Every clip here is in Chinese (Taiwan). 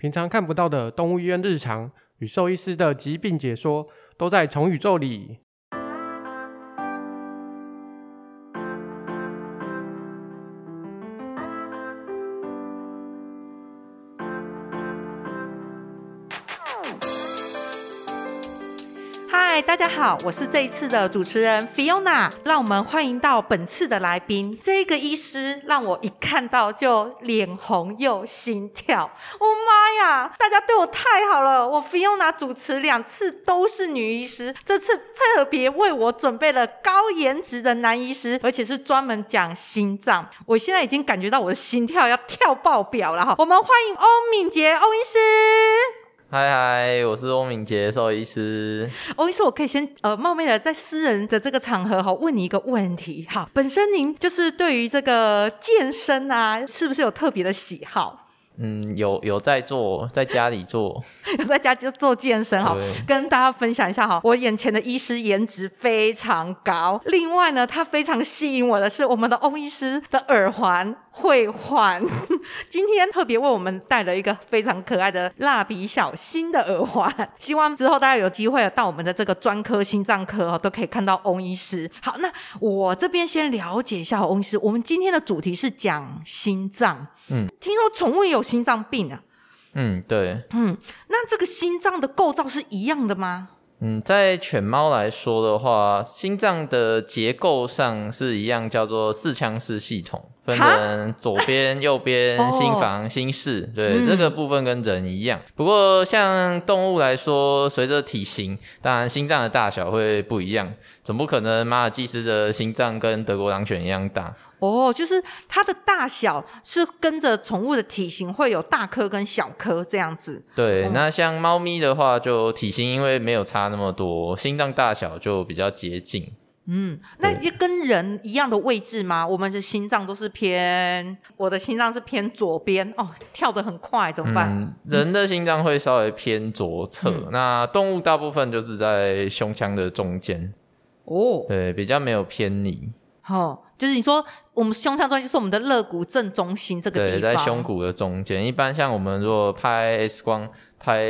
平常看不到的動物醫院日常與獸醫師的疾病解說，都在蟲宇宙裡。嗨，大家好，我是這一次的主持人 Fiona，讓我們歡迎到本次的來賓。這個醫師讓我一看到就臉紅又心跳，我、oh 呀，大家對我太好了，我 Fiona 主持兩次都是女醫師，這次特別為我準備了高顏值的男醫師，而且是專門講心臟。我現在已經感覺到我的心跳要跳爆表了哈。我們歡迎翁敏捷翁醫師，嗨嗨，我是翁敏捷獸醫師。翁醫師，我可以先呃冒昧的在私人的這個場合哈問你一個問題哈，本身您就是對於這個健身啊，是不是有特別的喜好？嗯，有有在做，在家裡做， 有在家就做健身哈，對跟大家分享一下哈，我眼前的醫師顏值非常高。另外呢，他非常吸引我的是我們的翁醫師的耳環會換， 今天特別為我們戴了一個非常可愛的蠟筆小新的耳環。希望之後大家有機會到我們的這個專科心臟科哦，都可以看到翁醫師。好，那我這邊先了解一下翁醫師。我們今天的主題是講心臟，嗯，聽說寵物有。心臟病啊，嗯對，嗯，那這個心臟的構造是一樣的嗎？嗯，在犬貓來說的話，心臟的結構上是一樣，叫做四腔室系統，分成左邊、右邊心房、心室，哈哦、對，嗯、這個部分跟人一樣。不過像動物來說，隨着體型，當然心臟的大小會不一樣，總不可能馬爾濟斯的心臟跟德國狼犬一樣大。哦，就是它的大小是跟着寵物的體型會有大顆跟小顆這樣子。對，哦、那像貓咪的話，就體型因為沒有差那麼多，心臟大小就比較接近。嗯，那跟人一樣的位置嗎？我們的心臟都是偏，我的心臟是偏左邊哦，跳得很快怎麼辦？嗯、人的心臟會稍微偏左側，嗯、那動物大部分就是在胸腔的中間。哦，對，比較沒有偏離。好、哦。就是你說我們胸腔中心，就是我們的肋骨正中心這個地方。對，在胸骨的中間。一般像我們如果拍 X 光拍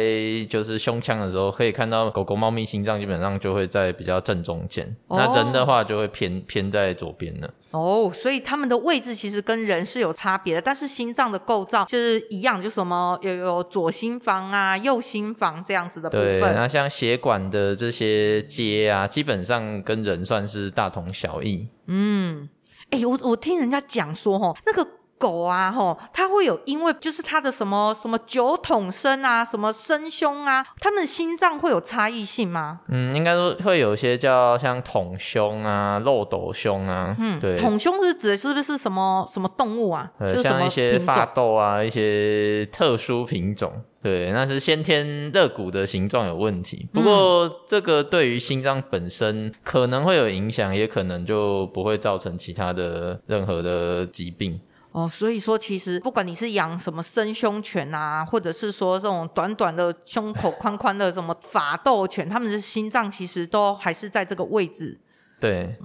就是胸腔的時候，可以看到狗狗、貓咪心臟基本上就會在比較正中間，哦、那人的話就會偏偏在左邊了。哦，所以他們的位置其實跟人是有差別的，但是心臟的構造就是一樣，就什麼有有左心房啊、右心房這樣子的部分。對，那像血管的這些接啊，基本上跟人算是大同小異。嗯。哎、欸，我我聽人家講說，哦，那個。狗啊，吼，它會有因為就是它的什麼什麼酒桶身啊，什麼深胸啊，它們的心臟會有差異性嗎？嗯，應該說會有一些叫像桶胸啊、漏斗胸啊。嗯，對，桶胸是指的是不是什麼什麼動物啊？對就像一些法鬥啊，一些特殊品種。對，那是先天肋骨的形狀有問題。不過這個對於心臟本身可能會有影響，也可能就不會造成其他的任何的疾病。哦，所以說其實不管你是養什麼深胸犬啊，或者是說這種短短的胸口寬寬的什麼法鬥犬， 它們的心臟其實都還是在這個位置。對，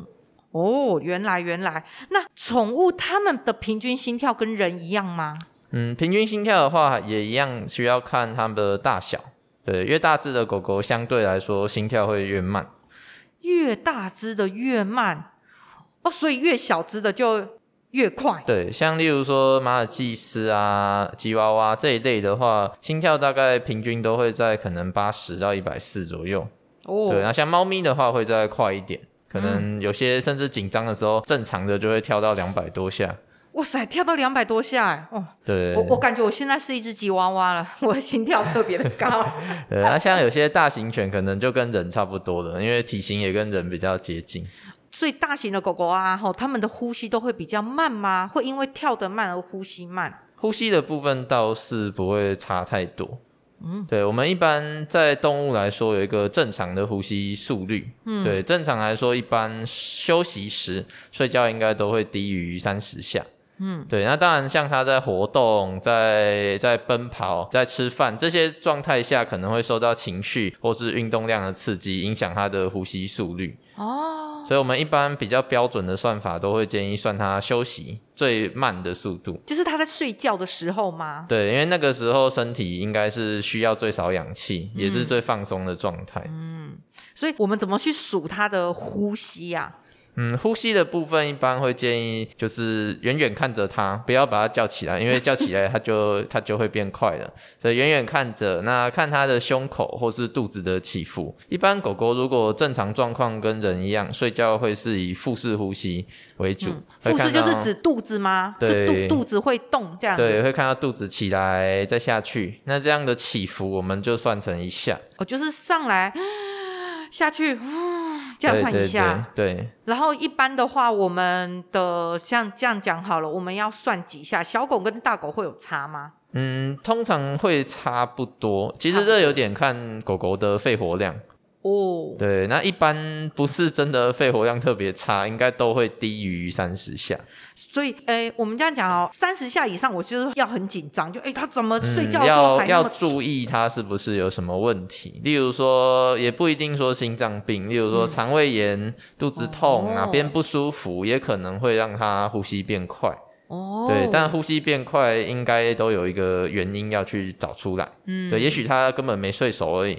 哦，原來原來。那寵物它們的平均心跳跟人一樣嗎？嗯，平均心跳的話也一樣，需要看它們的大小。對，越大只的狗狗相對來說心跳會越慢，越大只的越慢，哦，所以越小只的就越快，對，像例如說馬爾濟斯啊、吉娃娃這一類的話，心跳大概平均都會在可能八十到一百四左右。哦、對，然後像貓咪的話會再快一點，可能有些甚至緊張的時候，正常的就會跳到兩百多下、嗯。哇塞，跳到兩百多下，哎，哦，對，我我感覺我現在是一隻吉娃娃了，我的心跳特別的高。 對，那像有些大型犬可能就跟人差不多了， 因為體型也跟人比較接近。最大型的狗狗啊，吼，他們的呼吸都會比較慢嗎？會因為跳得慢而呼吸慢？呼吸的部分倒是不會差太多，嗯，對，我們一般在動物來說有一個正常的呼吸速率，嗯，對，正常來說，一般休息時睡覺應該都會低於三十下，嗯，對，那當然像它在活動、在在奔跑、在吃飯這些狀態下，可能會受到情緒或是運動量的刺激，影響它的呼吸速率，哦。所以，我們一般比較標準的算法都會建議算他休息最慢的速度。就是他在睡覺的時候嗎？對，因為那個時候身體應該是需要最少氧氣，嗯，也是最放鬆的狀態。嗯，所以我們怎麼去數他的呼吸呀、啊？嗯，呼吸的部分一般會建議就是遠遠看着它，不要把它叫起來，因為叫起來它就它 就會變快了。所以遠遠看着，那看它的胸口或是肚子的起伏。一般狗狗如果正常狀況跟人一樣，睡覺會是以腹式呼吸為主。腹式，嗯，就是指肚子嗎？對，肚，肚子會動這樣子。對，會看到肚子起來再下去，那這樣的起伏我們就算成一下。哦，就是上來下去。呼這樣算一下，對、對。然後一般的話，我們的像這樣講好了，我們要算幾下，小狗跟大狗會有差嗎？嗯，通常會差不多。其實這有點看狗狗的肺活量。哦，oh. 對，那一般不是真的肺活量特別差，應該都會低於三十下。所以，誒、欸、我們這樣講哦、喔，三十下以上，我就是要很緊張，就誒、欸、他怎麼睡覺的時候還、嗯、要，要注意他是不是有什麼問題？例如說，也不一定說心臟病，例如說腸胃炎、嗯、肚子痛、啊、哪邊不舒服，oh. 也可能會讓他呼吸變快。哦，oh. 對，但呼吸變快應該都有一個原因要去找出來。嗯，對，也許他根本沒睡熟而已。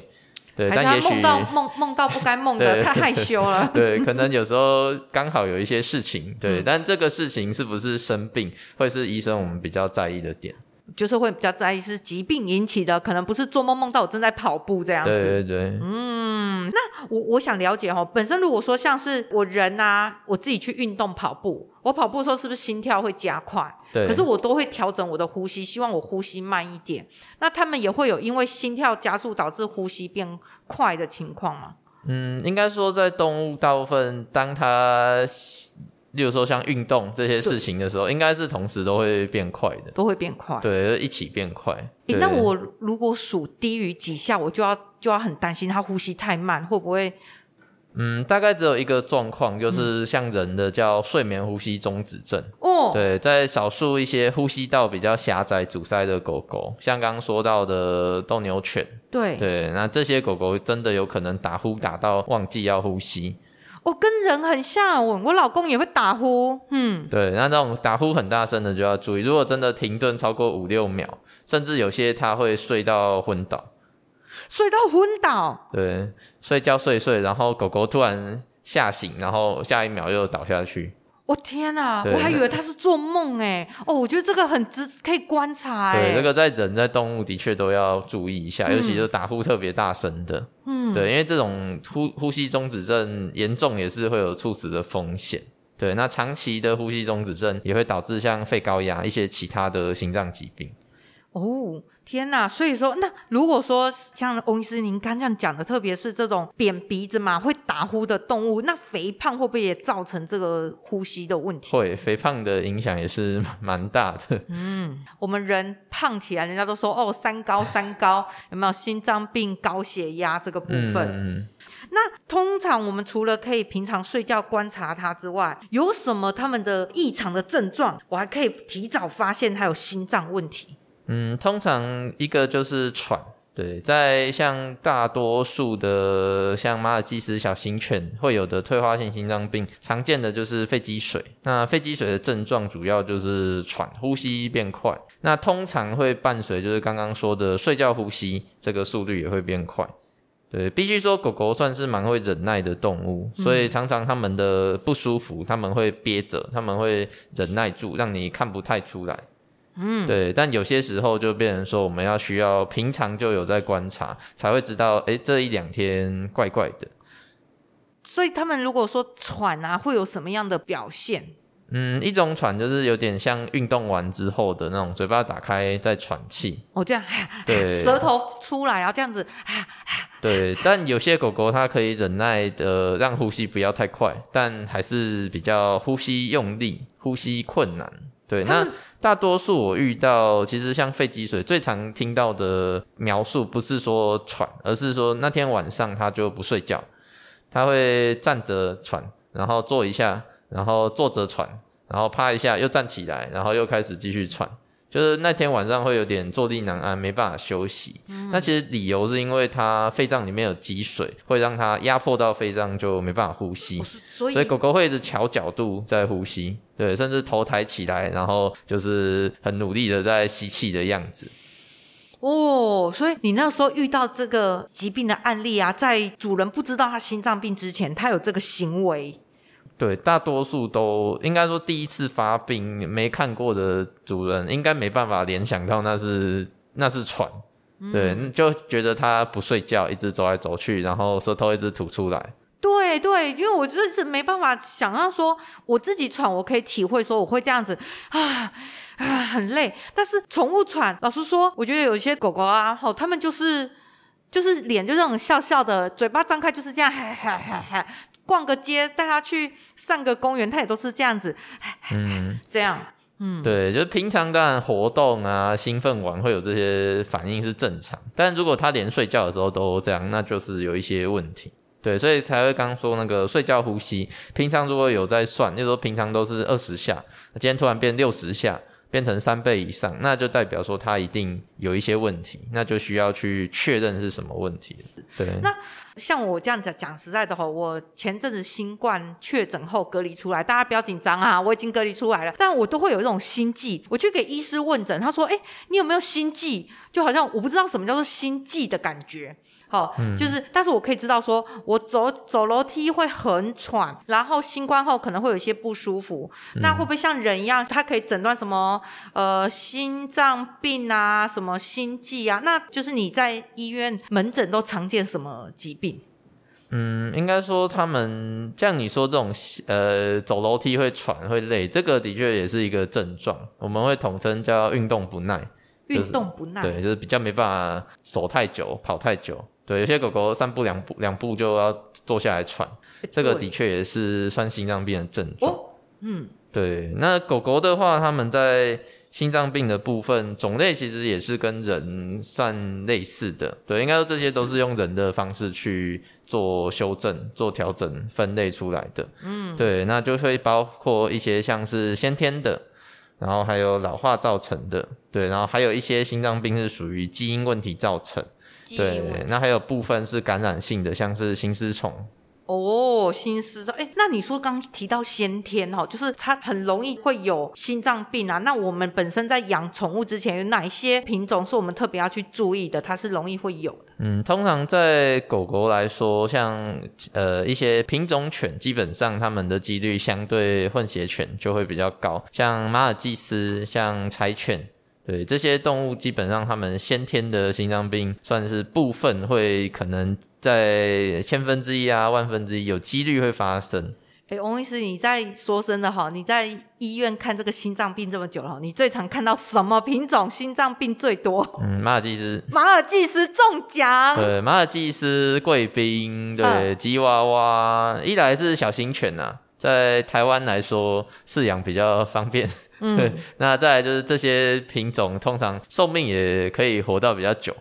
對，還是要，但也許夢夢夢到不該夢的 對太害羞了。對，可能有時候剛好有一些事情， 對，但這個事情是不是生病，嗯、會是醫生我們比較在意的點。就是會比較在意是疾病引起的，可能不是做夢夢到我正在跑步這樣子。對對對。嗯，那我我想了解哦，本身如果說像是我人啊，我自己去運動跑步，我跑步的時候是不是心跳會加快？對。可是我都會調整我的呼吸，希望我呼吸慢一點。那他們也會有因為心跳加速導致呼吸變快的情況嗎？嗯，應該說在動物大部分，當它。例如說像運動這些事情的時候，對應該是同時都會變快的，都會變快，對，一起變快。那我如果數低於幾下，我就要就要很擔心它呼吸太慢，會不會？嗯，大概只有一個狀況，就是像人的叫睡眠呼吸中止症哦。嗯、對，在少數一些呼吸道比較狹窄阻塞的狗狗，像剛剛說到的斗牛犬，對對，那這些狗狗真的有可能打呼打到忘記要呼吸。我跟人很像，我我老公也會打呼，嗯，對，那這種打呼很大聲的就要注意，如果真的停頓超過五六秒，甚至有些他會睡到昏倒，睡到昏倒，對，睡覺睡睡，然後狗狗突然嚇醒，然後下一秒又倒下去。我、oh, 天吶！對我還以為他是做夢哎、欸。那哦，我覺得這個很值，可以觀察哎、欸。對，這、那個在人在動物的確都要注意一下，嗯、尤其是打呼特別大聲的。嗯，對，因為這種呼呼吸中止症嚴重也是會有猝死的風險。對，那長期的呼吸中止症也會導致像肺高壓、一些其他的心臟疾病。哦，天哪！所以說，那如果說像翁醫師您剛才講的，特別是這種扁鼻子嘛，會打呼的動物，那肥胖會不會也造成這個呼吸的問題？會，肥胖的影響也是蠻大的。嗯，我們人胖起來，人家都說哦，三高三高， 有沒有心臟病、高血壓這個部分？嗯，那通常我們除了可以平常睡覺觀察它之外，有什麼他們的異常的症狀，我還可以提早發現他有心臟問題。嗯，通常一個就是喘，對，在像大多數的像馬爾濟斯小型犬會有的退化性心臟病，常見的就是肺積水。那肺積水的症狀主要就是喘，呼吸變快。那通常會伴隨就是剛剛說的睡覺呼吸，這個速率也會變快。對，必須說狗狗算是蠻會忍耐的動物，嗯、所以常常它們的不舒服，他們會憋着，他們會忍耐住，讓你看不太出來。嗯，對，但有些時候就變成說，我們要需要平常就有在觀察，才會知道，哎，這一兩天怪怪的。所以他們如果說喘啊，會有什麼樣的表現？嗯，一種喘就是有點像運動完之後的那種，嘴巴打開在喘氣，哦，這樣，對，舌頭出來，啊，然後這樣子，對。但有些狗狗它可以忍耐的，呃，讓呼吸不要太快，但還是比較呼吸用力，呼吸困難。對，那大多數我遇到，其實像肺積水，最常聽到的描述不是說喘，而是說那天晚上他就不睡覺，他會站着喘，然後坐一下，然後坐着喘，然後趴一下又站起來，然後又開始繼續喘。就是那天晚上會有點坐立難安，沒辦法休息。嗯。那其實理由是因為它肺臟裡面有積水，會讓它壓迫到肺臟，就沒辦法呼吸。哦，所以，所以狗狗會一直調角度在呼吸，對，甚至頭抬起來，然後就是很努力的在吸氣的樣子。哦，所以你那時候遇到這個疾病的案例啊，在主人不知道他心臟病之前，他有這個行為。對，大多數都應該說第一次發病沒看過的主人，應該沒辦法聯想到那是那是喘，嗯、對，就覺得它不睡覺，一直走來走去，然後舌頭一直吐出來。對對，因為我就是沒辦法想要說我自己喘，我可以體會說我會這樣子啊啊，很累。但是寵物喘，老實說，我覺得有些狗狗啊，吼、哦，他們就是就是臉就這種笑笑的，嘴巴張開就是這樣，嘿嘿嘿嘿逛個街，帶他去上個公園，他也都是這樣子，嗯，這樣，嗯，對，就是平常當然活動啊，興奮完會有這些反應是正常，但如果他連睡覺的時候都這樣，那就是有一些問題，對，所以才會剛剛說那個睡覺呼吸，平常如果有在算，那時候平常都是二十下，今天突然變六十下。變成三倍以上，那就代表說他一定有一些問題，那就需要去確認是什麼問題。對，那像我這樣子講實在的齁，我前陣子新冠確診後隔離出來，大家不要緊張啊，我已經隔離出來了，但我都會有一種心悸。我去給醫師問診，他說：“哎、欸，你有沒有心悸？”就好像我不知道什麼叫做心悸的感覺。好，嗯、就是，但是我可以知道說，說我走走樓梯會很喘，然後新冠後可能會有一些不舒服，嗯、那會不會像人一樣，它可以診斷什麼？呃，心臟病啊，什麼心悸啊？那就是你在醫院門診都常見什麼疾病？嗯，應該說他們像你說這種，呃，走樓梯會喘會累，這個的確也是一個症狀，我們會統稱叫運動不耐，運動不耐、就是，對，就是比較沒辦法走太久，跑太久。對，有些狗狗散步兩步兩步就要坐下來喘，欸、這個的確也是算心臟病的症狀。哦、嗯，對。那狗狗的話，它們在心臟病的部分種類其實也是跟人算類似的。對，應該說這些都是用人的方式去做修正、嗯、做調整、分類出來的。嗯，對。那就會包括一些像是先天的，然後還有老化造成的，對，然後還有一些心臟病是屬於基因問題造成。對，那還有部分是感染性的，像是心絲蟲。哦，心絲蟲。哎，那你說剛剛提到先天哈，就是它很容易會有心臟病啊。那我們本身在養寵物之前，有哪一些品種是我們特別要去注意的？它是容易會有的。嗯，通常在狗狗來說，像呃一些品種犬，基本上它們的幾率相對混血犬就會比較高，像馬爾濟斯，像柴犬。對，這些動物，基本上它們先天的心臟病，算是部分會可能在千分之一啊，萬分之一有幾率會發生。哎、欸，翁醫師，你在說真的哈，你在醫院看這個心臟病這麼久了哈，你最常看到什麼品種心臟病最多？嗯，馬爾濟斯。馬爾濟斯中獎、呃。對，馬爾濟斯貴賓，對，吉娃娃，一來是小型犬啊。在台灣來說，飼養比較方便。嗯， 那再來就是這些品種，通常壽命也可以活到比較久。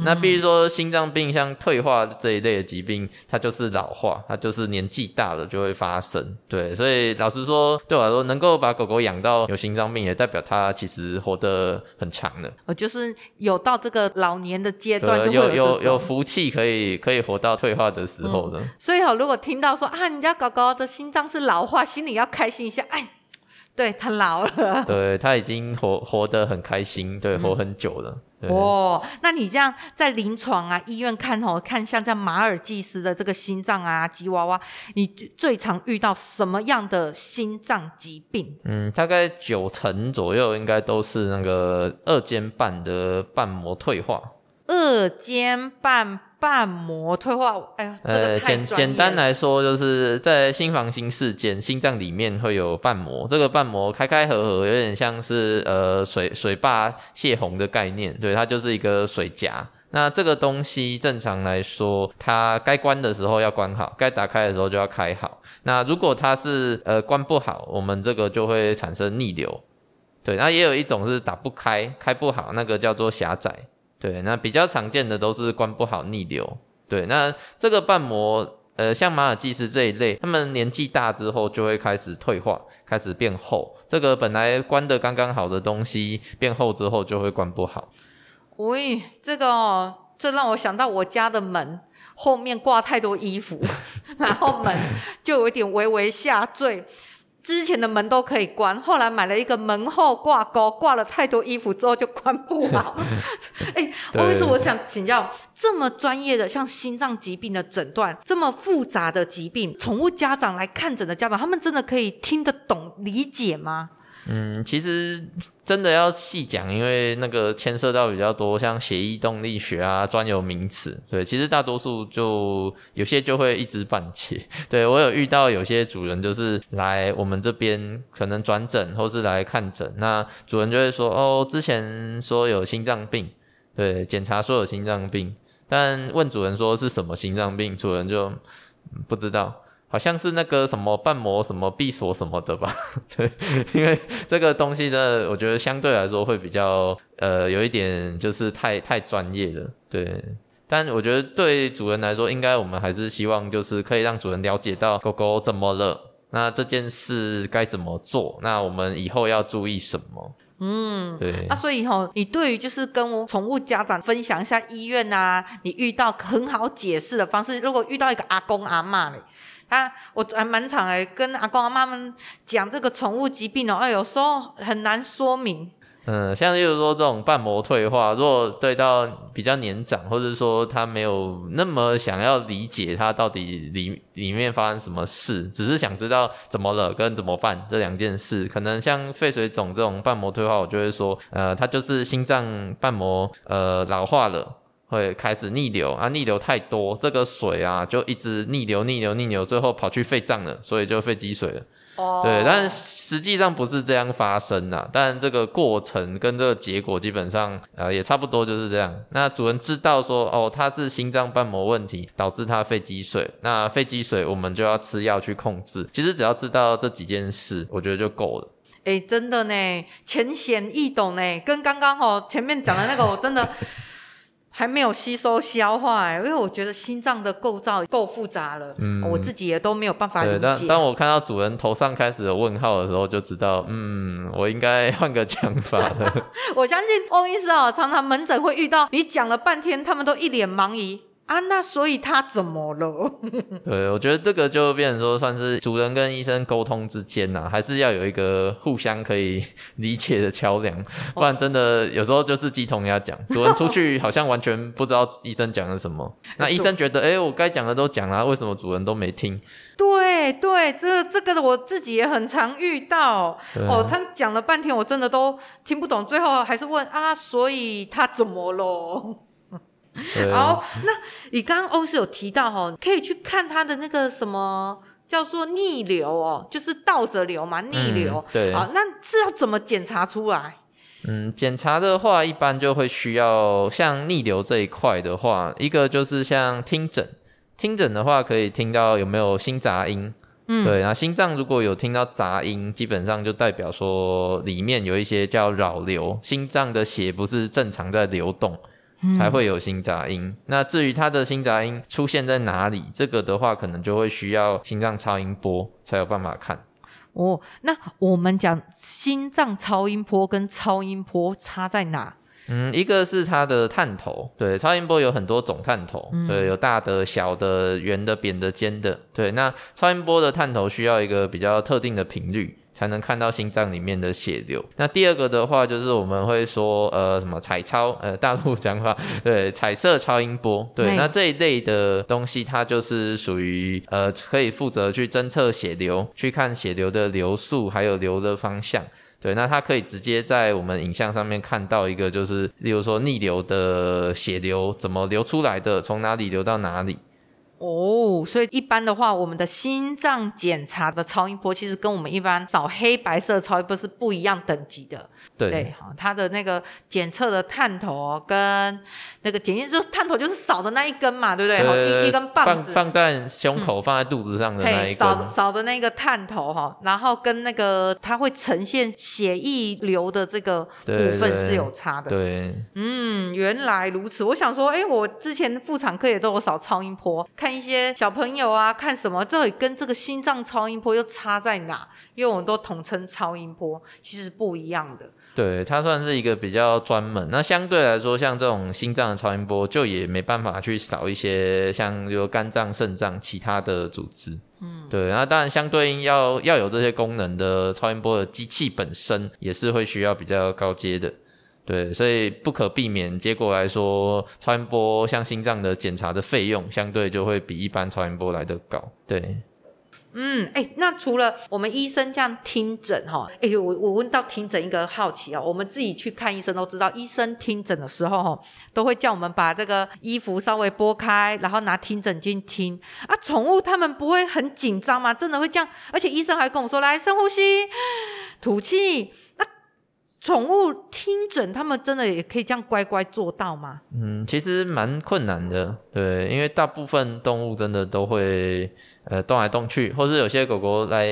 那比如說，心臟病像退化這一類的疾病，它就是老化，它就是年紀大了就會發生。對，所以老實說，對我來說，能夠把狗狗養到有心臟病，也代表它其實活得很長的。呃、哦、就是有到這個老年的階段就有，就有有，有福氣可以可以活到退化的時候的。嗯、所以哈，如果聽到說啊，你家狗狗的心臟是老化，心裡要開心一下，哎，對，它老了，對，它已經活活得很開心，對，活很久了。嗯對哦，那你這樣在臨床啊醫院看哦，看像在馬爾濟斯的這個心臟啊吉娃娃，你最常遇到什麼樣的心臟疾病？嗯，大概九成左右應該都是那個二尖瓣的瓣膜退化。二尖瓣。瓣膜退化，哎呀，呃、這個，簡簡單來說，就是在心房、心室間，心臟裡面會有瓣膜。這個瓣膜開開合合，有點像是呃水水壩洩洪的概念，對，它就是一個水閘。那這個東西正常來說，它該關的時候要關好，該打開的時候就要開好。那如果它是呃關不好，我們這個就會產生逆流，對。那也有一種是打不開、開不好，那個叫做狹窄。對，那比較常見的都是關不好逆流。對，那這個瓣膜，呃，像馬爾濟斯這一類，他們年紀大之後就會開始退化，開始變厚。這個本來關得剛剛好的東西，變厚之後就會關不好。餵，這個、哦、這讓我想到我家的門後面掛太多衣服， 然後門就有一點微微下墜。之前的門都可以關，後來買了一個門後掛鈎，掛了太多衣服之後就關不好。哎，翁醫師，我想請教，這麼專業的像心臟疾病的診斷，這麼複雜的疾病，寵物家長來看診的家長，他們真的可以聽得懂、理解嗎？嗯，其實真的要細講，因為那個牽涉到比較多，像血液動力學啊，專有名詞，對，其實大多數就有些就會一知半解，對，我有遇到有些主人就是來我們這邊可能轉診或是來看診，那主人就會說哦，之前說有心臟病，對，檢查說有心臟病，但問主人說是什麼心臟病，主人就、嗯、不知道。好像是那個什麼瓣膜、什麼閉鎖什麼的吧，對，因為這個東西的，我覺得相對來說會比較呃有一點就是太太專業了，對。但我覺得對主人來說，應該我們還是希望就是可以讓主人了解到狗狗怎麼了，那這件事該怎麼做，那我們以後要注意什麼？嗯，對、啊。那所以吼、哦，你對於就是跟我寵物家長分享一下醫院啊，你遇到很好解釋的方式，如果遇到一個阿公阿嬤嘞。啊，我還蠻常來跟阿公阿媽們講這個寵物疾病哦、喔，哎，有時候很難說明。嗯、呃，像就是說這種瓣膜退化，如果對到比較年長，或者說他沒有那麼想要理解它到底裡裡面發生什麼事，只是想知道怎麼了跟怎麼辦這兩件事，可能像肺水腫這種瓣膜退化，我就會說，呃，它就是心臟瓣膜呃老化了。會開始逆流啊，逆流太多，這個水啊就一直逆流、逆流、逆流，最後跑去肺臟了，所以就肺積水了。哦。對，但實際上不是這樣發生的，但這個過程跟這個結果基本上呃也差不多就是這樣。那主人知道說哦，他是心臟瓣膜問題導致他肺積水，那肺積水我們就要吃藥去控制。其實只要知道這幾件事，我覺得就夠了。哎，真的呢，淺顯易懂呢，跟剛剛哦前面講的那個我真的。 還沒有吸收消化、欸，因為我覺得心臟的構造夠複雜了、嗯喔，我自己也都沒有辦法理解。但當我看到主人頭上開始有問號的時候，就知道，嗯，我應該換個講法了。 我相信翁醫師啊，常常門診會遇到，你講了半天，他們都一臉茫然。啊，那所以他怎麼了？ 對，我覺得這個就變成說，算是主人跟醫生溝通之間吶、啊，還是要有一個互相可以理解的橋梁，不然真的有時候就是雞同鴨講，哦、主人出去好像完全不知道醫生講了什麼。 那醫生覺得，哎、欸，我該講的都講了，為什麼主人都沒聽？對對，這這個我自己也很常遇到。啊、哦，他講了半天，我真的都聽不懂，最後還是問啊，所以他怎麼了？好，對 oh, 那你剛,剛歐師有提到哈、哦，可以去看他的那個什麼叫做逆流哦，就是倒着流嘛，逆流。嗯、對，好，oh, 那是要怎麼檢查出來？嗯，檢查的話，一般就會需要像逆流這一塊的話，一個就是像聽診，聽診的話可以聽到有沒有心雜音。嗯，對，然後心臟如果有聽到雜音，基本上就代表說裡面有一些叫擾流，心臟的血不是正常在流動。才會有心雜音。嗯、那至於他的心雜音出現在哪裡，這個的話可能就會需要心臟超音波才有辦法看。哦，那我們講心臟超音波跟超音波差在哪？嗯，一個是它的探頭，對，超音波有很多種探頭，嗯、對，有大的、小的、圓的、扁的、尖的，對。那超音波的探頭需要一個比較特定的頻率。才能看到心臟裡面的血流。那第二個的話，就是我們會說，呃，什麼彩超，呃，大陸講法，對，彩色超音波，對。對。那這一類的東西，它就是屬於，呃，可以負責去偵測血流，去看血流的流速，還有流的方向。對，那它可以直接在我們影像上面看到一個，就是，例如說逆流的血流怎麼流出來的，從哪裡流到哪裡。哦，oh, 所以一般的話，我們的心臟檢查的超音波其實跟我們一般掃黑白色的超音波是不一樣等級的。對，好，哦，它的那個檢測的探頭，哦、跟那個檢驗，就是探頭就是掃的那一根嘛，對不對？放放，在胸口，放在肚子上的那一根。嗯、掃，掃的那個探頭哈，哦，然後跟那個它會呈現血液流的這個部分是有差的。對，對，對，嗯，原來如此。我想說，哎，我之前婦產科也都有掃超音波看一些小朋友啊，看什麼？這裡跟這個心臟超音波又差在哪？因為我們都統稱超音波，其實不一樣的。對，它算是一個比較專門。那相對來說，像這種心臟的超音波，就也沒辦法去掃一些像比如肝臟、腎臟其他的組織。嗯，對。那當然，相對應要要有這些功能的超音波的機器本身，也是會需要比較高階的。對，所以不可避免，結果來說，超音波像心臟的檢查的費用，相對就會比一般超音波來得高。對，嗯，哎，那除了我們醫生這樣聽診哈，哎呦，我我問到聽診一個好奇啊，我們自己去看醫生都知道，醫生聽診的時候哈，都會叫我們把這個衣服稍微撥開，然後拿聽診鏡聽啊，寵物他們不會很緊張嗎？真的會這樣？而且醫生還跟我說，來深呼吸，吐氣。寵物聽診，他們真的也可以這樣乖乖做到嗎？嗯，其實蠻困難的，對，因為大部分動物真的都會呃動來動去，或是有些狗狗來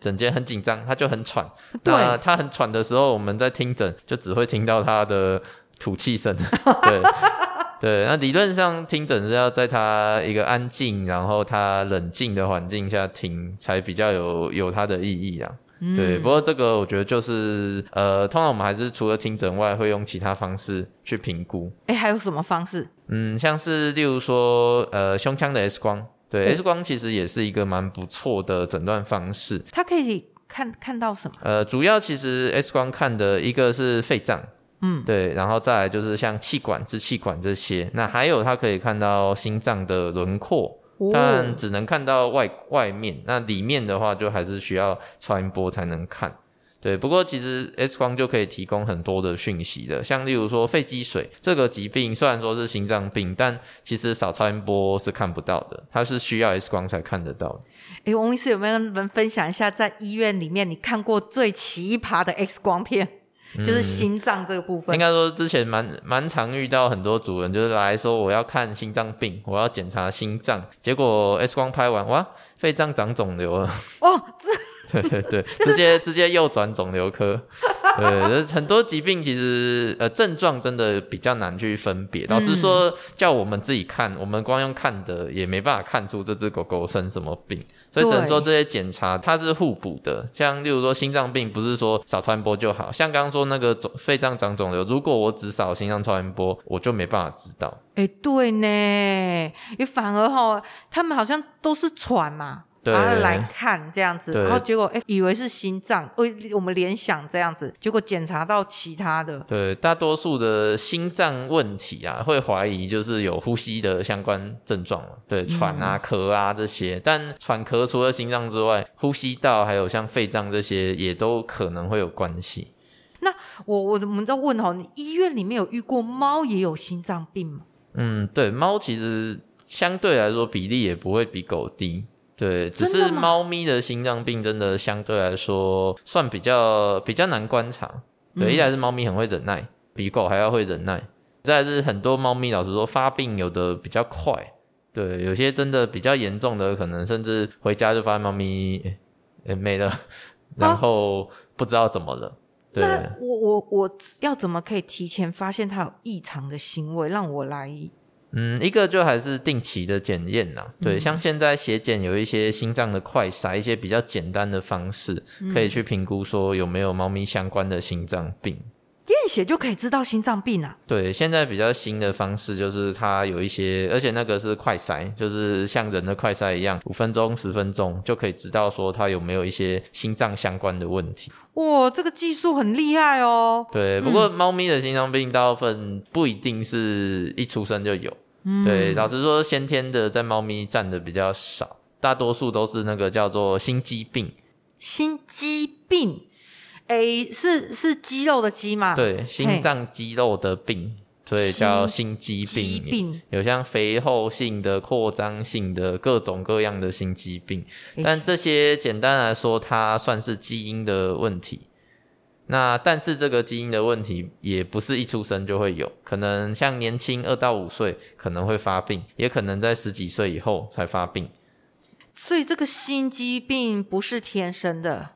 診間很緊張，它就很喘。那對，它很喘的時候，我們在聽診就只會聽到它的吐氣聲。對， 對，那理論上聽診是要在它一個安靜，然後它冷靜的環境下聽，才比較有有它的意義啊。嗯，對，不過這個我覺得就是，呃，通常我們還是除了聽診外，會用其他方式去評估。誒，還有什麼方式？嗯，像是例如說，呃，胸腔的 X 光，對，誒，X 光其實也是一個蠻不錯的診斷方式。它可以看看到什麼？呃，主要其實 X 光看的一個是肺臟，嗯，對，然後再來就是像氣管、支氣管這些，那還有它可以看到心臟的輪廓。但只能看到外外面，那裡面的話就還是需要超音波才能看。對，不過其實 X 光就可以提供很多的訊息的，像例如說肺積水這個疾病，雖然說是心臟病，但其實掃超音波是看不到的，它是需要 X 光才看得到的。哎、欸，翁醫師有沒有跟我們分享一下在醫院裡面你看過最奇葩的 X 光片？就是心臟這個部分，嗯、應該說之前蠻蠻常遇到很多主人，就是來，來說我要看心臟病，我要檢查心臟，結果 X 光拍完，哇，肺臟長腫瘤了。哦，這。對對 對，直接直接右轉腫瘤科。 對，很多疾病其實呃症狀真的比較難去分別。老實說，嗯、叫我們自己看，我們光用看的也沒辦法看出這隻狗狗生什麼病。所以只能說這些檢查它是互補的。對像例如說心臟病，不是說掃超音波，就好。像剛剛說那個腫肺臟長腫瘤，如果我只掃心臟超音波，我就沒辦法知道。誒、欸、對呢，也反而哈，他們好像都是喘嘛。然後對、啊、來看這樣子，對然後結果哎、欸，以為是心臟，我我們聯想這樣子，結果檢查到其他的。對，大多數的心臟問題啊，會懷疑就是有呼吸的相關症狀了，對，喘啊、咳啊、嗯、這些。但喘咳除了心臟之外，呼吸道還有像肺臟這些，也都可能會有關係。那我我我們在問哈，你醫院裡面有遇過貓也有心臟病嗎？嗯，對，貓其實相對來說比例也不會比狗低。對，只是貓咪的心臟病真的相對來說算比較比較難觀察。嗯、對，一來是貓咪很會忍耐，比狗還要會忍耐。再來是很多貓咪，老實說發病有的比較快，對，有些真的比較嚴重的，可能甚至回家就發現貓咪，欸欸、沒了， 然後不知道怎麼了。對，那我我我要怎麼可以提前發現它有異常的行為，讓我來？嗯，一個就還是定期的檢驗啦，對，嗯、像現在血檢有一些心臟的快篩，一些比較簡單的方式可以去評估說有沒有貓咪相關的心臟病。驗血就可以知道心臟病啊？對，現在比較新的方式就是它有一些，而且那個是快篩，就是像人的快篩一樣，五分鐘、十分鐘就可以知道說它有沒有一些心臟相關的問題。哇、哦，這個技術很厲害哦。對，嗯、不過貓咪的心臟病大部分不一定是一出生就有。嗯、對，老實說，先天的在貓咪占的比較少，大多數都是那個叫做心肌病。心肌病。A、欸、是是肌肉的肌嘛？對，心臟肌肉的病，欸、所以叫心肌病。病有像肥厚性的、擴張性的各種各樣的心肌病，欸、但這些簡單來說，它算是基因的問題。那但是這個基因的問題也不是一出生就會有，可能像年輕二到五歲可能會發病，也可能在十幾歲以後才發病。所以這個心肌病不是天生的。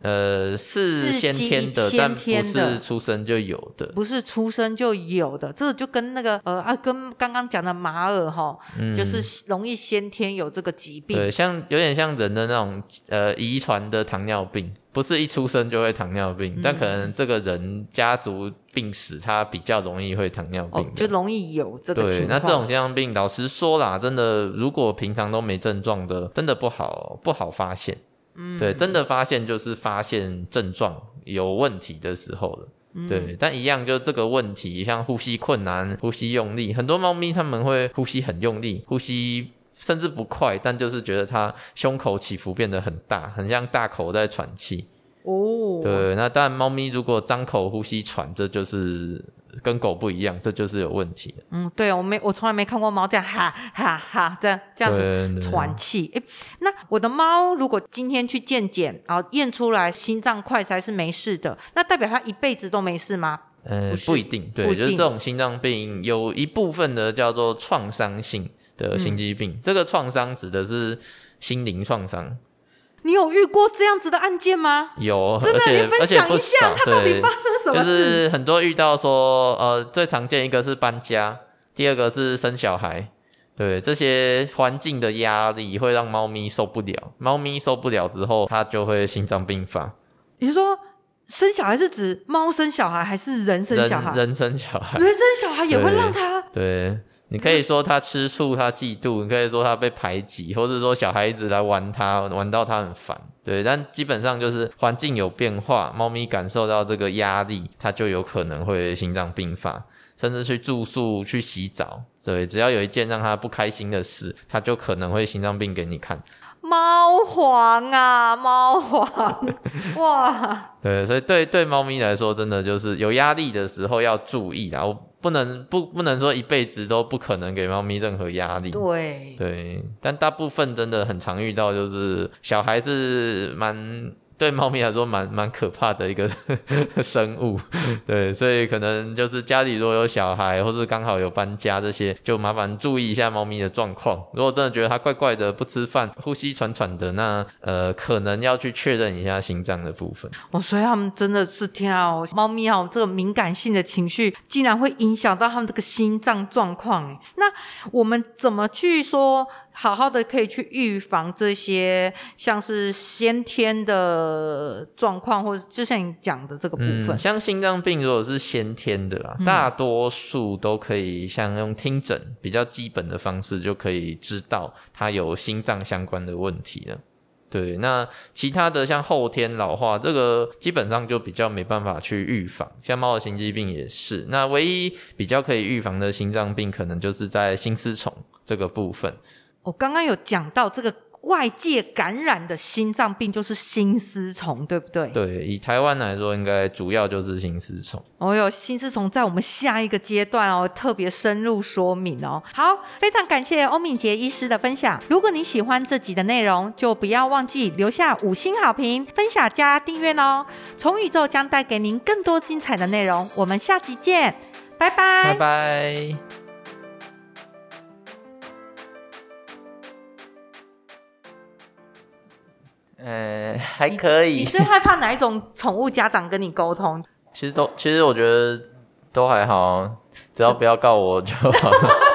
呃，是先天的，先天的但不是出生就有的，不是出生就有的，這就跟那個呃啊，跟剛剛講的馬爾哈，嗯、就是容易先天有這個疾病。對，像有點像人的那種呃遺傳的糖尿病，不是一出生就會糖尿病，嗯、但可能這個人家族病史，他比較容易會糖尿病，哦，就容易有這個。對，那這種心臟病，老實說啦，真的，如果平常都沒症狀的，真的不好不好發現。嗯，嗯，對，真的發現就是發現症狀有問題的時候了。嗯，嗯，對，但一樣就是這個問題，像呼吸困難、呼吸用力，很多貓咪他們會呼吸很用力，呼吸甚至不快，但就是覺得它胸口起伏變得很大，很像大口在喘氣。哦，對，那當然，貓咪如果張口呼吸喘，這就是。跟狗不一樣，這就是有問題。嗯，對、哦，我沒，我從來沒看過貓這樣，哈，哈哈，這樣這樣子對對對對喘氣誒。那我的貓如果今天去健檢，然後驗出來心臟快衰是沒事的，那代表它一輩子都沒事嗎？呃，不，是不一定。對，我覺得這種心臟病有一部分的叫做創傷性的心肌病，嗯、這個創傷指的是心靈創傷。你有遇過這樣子的案件嗎？有，真的，而且你分享一下，而且不少，他到底發生什麼事？就是很多遇到說，呃，最常見一個是搬家，第二個是生小孩，對，這些環境的壓力會讓貓咪受不了，貓咪受不了之後，它就會心臟病發。你說生小孩是指貓生小孩，還是人生小孩？人，人生小孩，人生小孩也會讓它對。對你可以說他吃醋，他嫉妒；你可以說他被排擠，或者說小孩子來玩他，玩到他很煩。對，但基本上就是環境有變化，貓咪感受到這個壓力，它就有可能會心臟病發，甚至去住宿、去洗澡。對，只要有一件讓它不開心的事，它就可能會心臟病給你看。貓皇啊，貓皇， 哇！對，所以對對貓咪來說，真的就是有壓力的時候要注意然後，我不能不不能說一輩子都不可能給貓咪任何壓力。對對，但大部分真的很常遇到，就是小孩子蠻。對貓咪來說蠻，蠻蠻可怕的一個 生物，對，所以可能就是家裡如果有小孩，或是剛好有搬家這些，就麻煩注意一下貓咪的狀況。如果真的覺得它怪怪的，不吃飯，呼吸喘喘的，那呃，可能要去確認一下心臟的部分。我、哦、所以他們真的是天啊，貓咪哦，這個敏感性的情緒竟然會影響到他們這個心臟狀況。那我們怎麼去說？好好的可以去預防這些，像是先天的狀況，或者就像你講的這個部分，嗯、像心臟病如果是先天的啦，嗯、大多數都可以像用聽診比較基本的方式就可以知道它有心臟相關的問題了。對，那其他的像後天老化這個基本上就比較沒辦法去預防，像貓的心肌病也是。那唯一比較可以預防的心臟病，可能就是在心絲蟲這個部分。我、哦、剛剛有講到這個外界感染的心臟病，就是心絲蟲，對不對？對，以台灣來說，應該主要就是心絲蟲。哦，有心絲蟲，在我們下一個階段哦，特別深入說明哦。好，非常感謝翁敏捷醫師的分享。如果你喜歡這集的內容，就不要忘記留下五星好評、分享加訂閱哦。從宇宙將帶給您更多精彩的內容。我們下集見，拜拜，拜拜。呃，還可以，你。你最害怕哪一種寵物家長跟你溝通？ 其實都，其實我覺得都還好，只要不要告我就好。